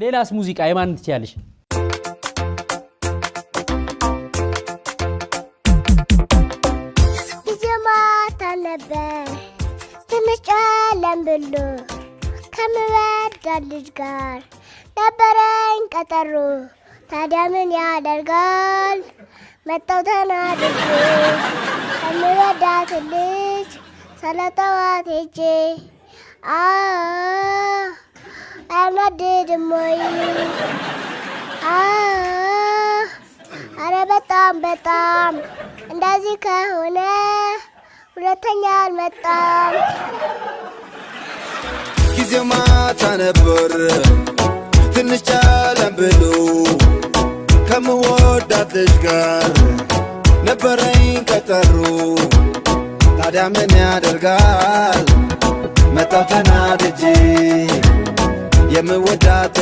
ሌላስ ሙዚቃ የማን ትችያለሽ? ማታ ነበር ትንሽ ጨለም ብሎ ከምወዳ ልጅ ጋር ነበረኝ ቀጠሮ። ታዲያ ምን ያደርጋል መጣው ተናድጄ ከምወዳት ልጅ ሰለጠዋት ሄጄ did my አረ በጣም በጣም እንደዚህ ከሆነ ሁለተኛ አልመጣም። ጊዜው ማታ ነበር ትንሽ ጨለም ብሎ ከምወዳት ልጅ ጋር ነበረኝ ቀጠሮ። ታዲያ ምን ያደርጋል መጣሁ ተናድጄ me with that.